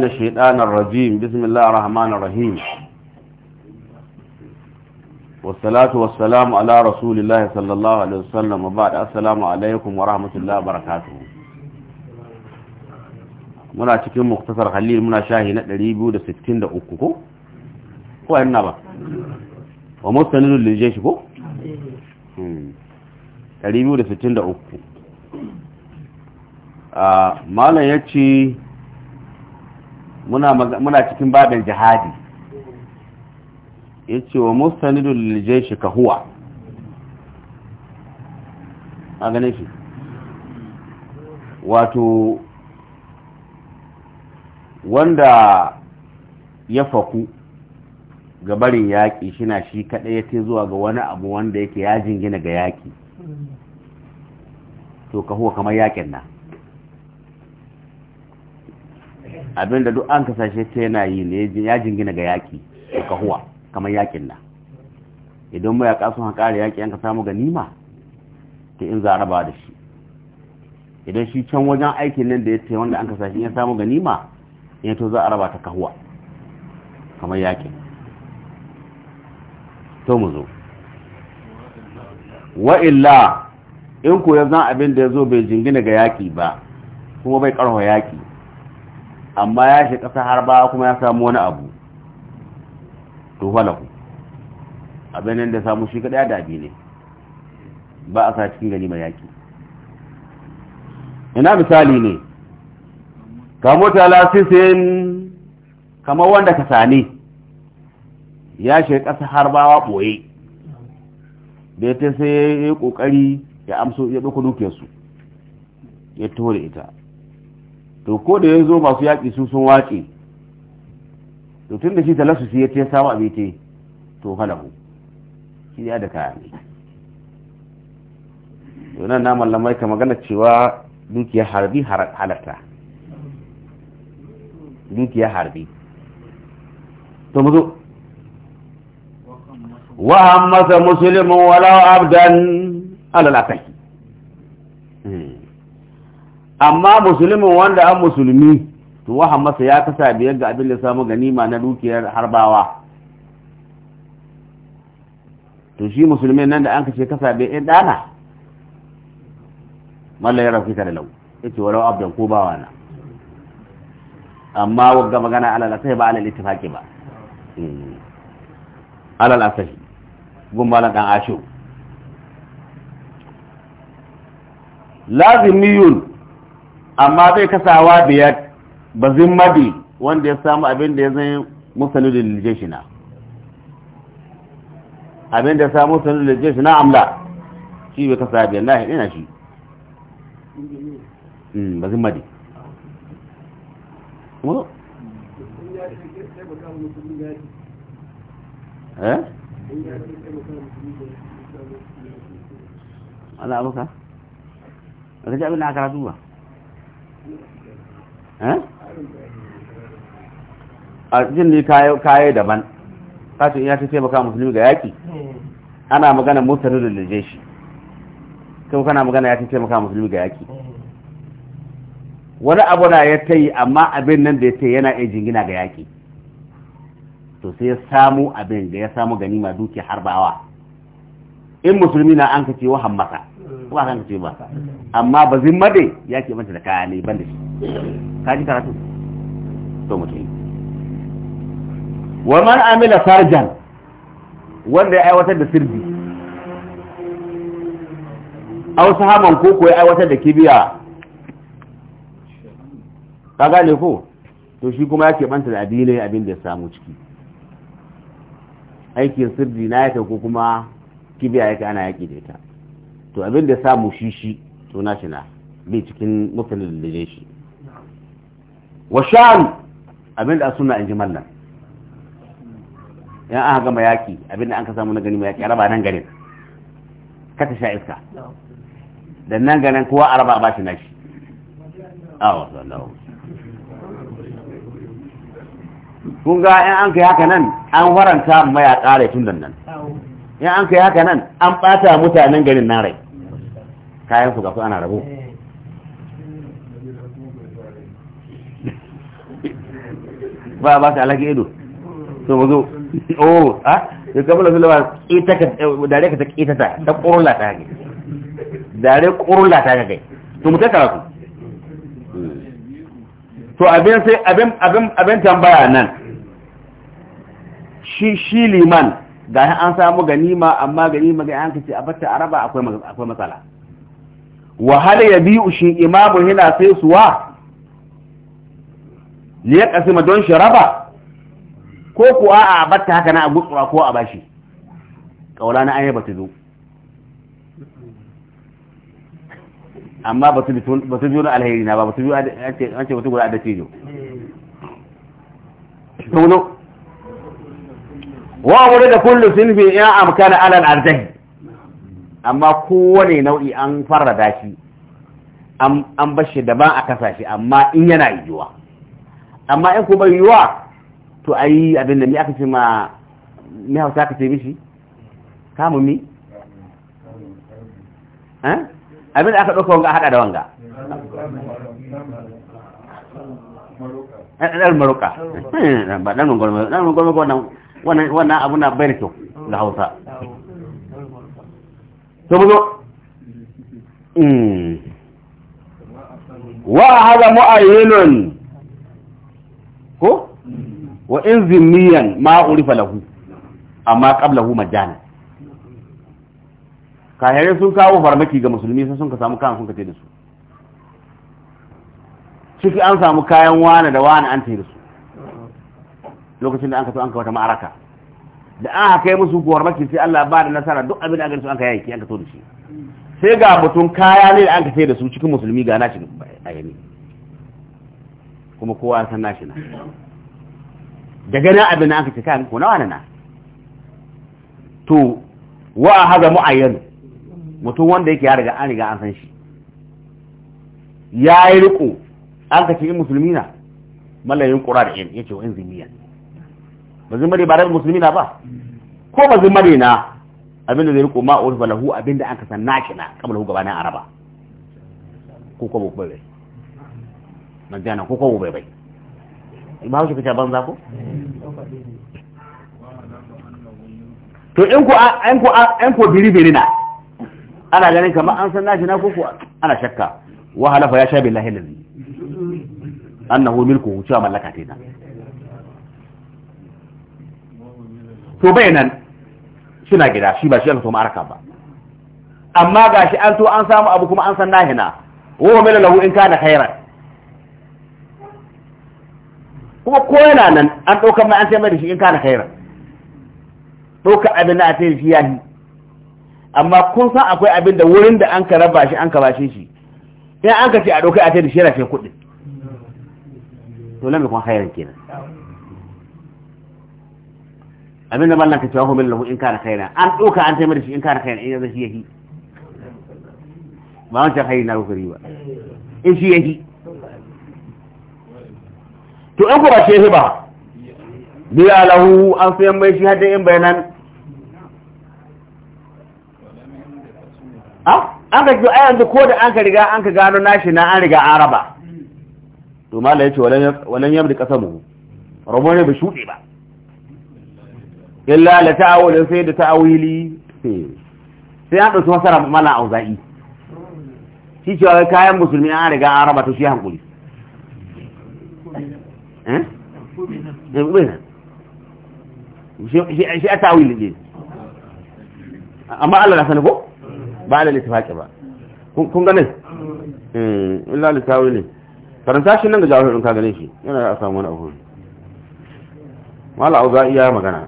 من الشيطان الرجيم بسم الله الرحمن الرحيم والصلاة والسلام على رسول الله صلى الله عليه وسلم وبعد السلام عليكم ورحمة الله وبركاته muna cikin muktasar halil muna shahi na 263 ko ko yan na ba wa mustanidul lijeshi ko 263 a malam yace muna cikin babin jihadi ya ce wa mustanidul lijeshi ka huwa a shi wato wanda ya faku ga barin yaƙi shina shi kaɗai ya te zuwa ga wani abu wanda yake yajin gina ga yaƙi to ka huwa kamar yaƙin nan abinda duk an kasashe ta yana yi ne ya jingina ga yaƙi da kahuwa kamar yaƙin nan idan yaƙa sun haƙa da yaƙi yanka ka samu ganima ta in za raba da shi idan shi can wajen aikin nan da ya ce wanda an kasashe ya samu ganima ya to za a raba ta kahuwa kamar yaƙin to mu zo wa'illa in koyar zan abin da ya zo bai jingina ga yaƙi ba kuma bai ƙarfa yaƙi amma ya shi ƙasa har ba kuma ya samu wani abu to falaku abin da samu shi kaɗaya da abi ne ba a sa cikin gani mai yaƙi ina misali ne kamo lasisin kamar wanda ka sani ya shi ƙasa har wa ɓoye da ta sai ya yi ƙoƙari ya amso ya ɗauka su ya tore ita to ko da ya zo masu yaƙi su sun waƙe to tun da shi talasusi ya ce samu abin te to falahu shi ya da kaya ne to nan na mallamai ka magana cewa dukiya harbi halarta, dukiya harbi to mu zo wa hammasa muslimun walau abdan alal amma musulmin wanda an musulmi to wahan masa ya kasa biyar ga abin da samu ganima na dukiyar harbawa to shi musulmin nan da an kace kasa bai eh, ɗan dana mallan ya rafi da lau yace walau abdan ko bawa na amma wagga magana alal asahi ba alal ittifaqi ba hmm. alal asahi gun malan dan asho lazimiyun amma bai kasawa biyar ba zimmadi wanda ya samu abin da ya zai shi na, abin da ya samu shi na amla shi bai kasawa biyar na hidina shi hmm, ba zimmadi eh ana abuka ka ji abin da aka ratu ba Eh? a jin ne kayo daban kasu ya ce taimaka musulmi ga yaki ana magana mutane da lalje shi kuma kana magana ya ce taimaka musulmi ga yaki wani abu na ya ta yi amma abin nan da ya ce yana iya jingina ga yaki to sai ya samu abin da ya samu ganima duki harbawa in musulmi na an kace wahan maka ko ba kan kace ba amma ba zimma dai ya ke mata da kaya ne ban da shi ka ji karatu to mutum wa man amila farjan wanda ya aiwatar da sirri aw sahaman ko ko ya aiwatar da kibiya ka gane ko to shi kuma ya ke da adilai abin da ya samu ciki aikin sirri na ya ko kuma kibiya yake ana yaƙi da ita to abin da samu shi shi to na shi na bai cikin mutane da shi wa sha'an abin da suna in ji mallan yan aka gama yaƙi abin da an ka samu na gani mai yaƙi araba nan ganin, kata sha iska da nan ganin kowa araba ba shi na shi awa sallahu kun ga yan an kai haka nan an waranta mayaƙa da tun nan in an kai haka nan an bata mutanen garin nan rai kayan su ga ana rabo ba ba ta alaƙi ido to mazo oh ha ah, ya kamar da lawa ita ka dare ka ta ita ta ta kurla ta ga dare kurla ta kai to mu ta karatu hmm. to abin sai abin abin abin tambaya nan shi shi liman ga an samu ganima amma ganima ga an ce a bata araba akwai akwai matsala wa ya biyu shi imamu yana sai suwa li ma don shi raba ko kuwa a bata haka na a gutsura ko a bashi kaula na ayyaba ta zo amma ba su ba su alheri na ba ba su biyo an ce wata guda da cijo tono wa wuri da kullu sinfi ya amkana alal arjahi amma kowane nau'i an farrada shi an bashi daban a kasashe amma in yana yiwuwa amma in kuma yiwuwa to a yi abin da ni aka ce ma ni hausa aka ce mishi kamu mi eh? abin da aka ɗauka wanga haɗa da wanga eh, ɗan maruka eh, ɗan maruka ɗan maruka wannan abu na bai da kyau ga Hausa to mu zo hmm. wa hada mu'ayyinun ko wa in zimmiyan ma urifa lahu amma qablahu majana kahirai sun kawo farmaki ga musulmi sun ka samu kayan sun ka da su ciki an samu kayan wane da wane an da su lokacin da an kaso an wata ma'araka da an haka musu maki sai Allah ba da nasara duk abin da aka an ka yake an ka so da shi sai ga mutum kaya ne da an ka sai da su cikin musulmi ga nashi a yami kuma kowa ya san nashi na da ganin abin da ka ce kayan ko nawa na to wa haza mu'ayyan mutum wanda yake ya riga an riga an san shi ya yi riko an ka ce in musulmi na mallayin ya ce wa in zimiyan ba ne ba da musulmi na ba ko ba ne na abinda zai riko balahu abin abinda an kasan na na kamar hu gabanin araba ko ko bai bai majana ko ko bai bai ba hausa kace banza ko to in ko an ku an ku biri biri na ana ganin kamar an san nashi na ko ko ana shakka wa halafa ya sha billahi lazi annahu milku cewa mallaka ta to bai nan suna gida shi ba shi aka so ma'arka ba amma ga shi an to an samu abu kuma an san nahina wa huwa lahu in kana khairan kuma ko yana nan an ɗaukar mai an sai mai da shi in kana khairan ɗaukar abin da a ce shi yahi amma kun san akwai abin da wurin da an ka raba shi an ka bashe shi sai an ka ce a ɗaukar a ce da shi yana sai kuɗi to lamme kuma khairan kenan abinda mallan ka cewa homin lahu in kana kaina an ɗauka an taimar shi in kana kaina in yanzu shi yahi ba wancan hayi na rufari ba in shi yahi to in kuma shehi ba biya lahu an sayan mai shi hadda in bayanan ah, an ka a yanzu ko da an ka riga an ka gano nashi na an riga an raba to mallan ya ce walan yabdi mu rabon ya bi shuɗe ba illa la ta'awulin sai da ta'awili sai an ɗauki masara mala a auza'i shi cewa kayan musulmi an riga an raba ta shi hankuli eh? shi a ta'awili ne amma Allah na sani ko ba da littafaƙi ba kun ganin eh, illa littafi karanta shi nan ga jawahirin ka ganin shi yana da samu wani abu mala a auza'i ya magana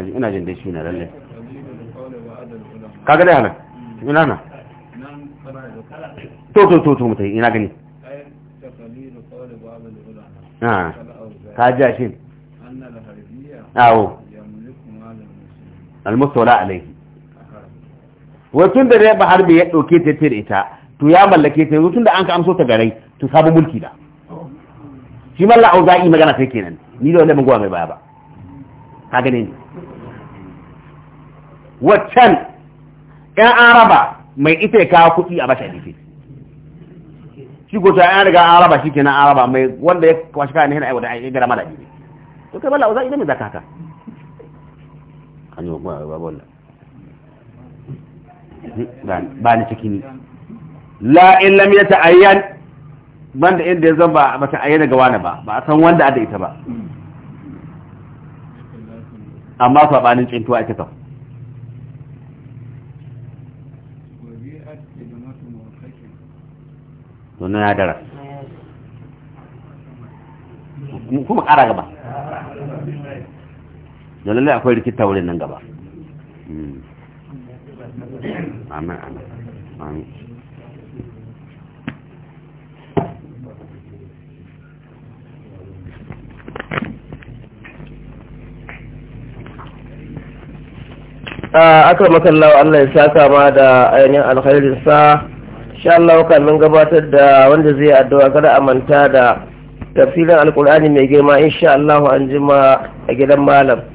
ina jin dai shi na lalle kaga dai halar ina na to to to to mutai ina gani ah ka ji shi awo almustola alaihi watun da dai ba harbi ya dauke ta tir ita to ya mallake ta yanzu tun da an ka amso ta garai to sabu mulki da shi malla za'i magana sai kenan ni da wanda mun gowa mai baya ba ka gane ni waccan ‘yan araba mai ita ya kawo kuɗi a bashi hadisi shi ko ta ‘yan riga araba shi kenan araba mai wanda ya kwashi kayan hina aiwata ya gara mala ne to kai bala uza idan mai zaka kan an yi wa wannan ba ni ciki ni la in lam ya ta'ayyan banda inda ya zamba ba ta ayyana ga wani ba ba a san wanda ada ita ba amma sabanin tsintuwa ita ta. to na dara kuma kara gaba da lallai akwai rikita wurin nan gaba amma amma amin aka makallawa Allah ya sa kama da ainihin alkhairin sa insha Allah kamin gabatar da wanda zai addu'a kada a manta da tafsirin alkur'ani mai girma insha Allah an jima a gidan malam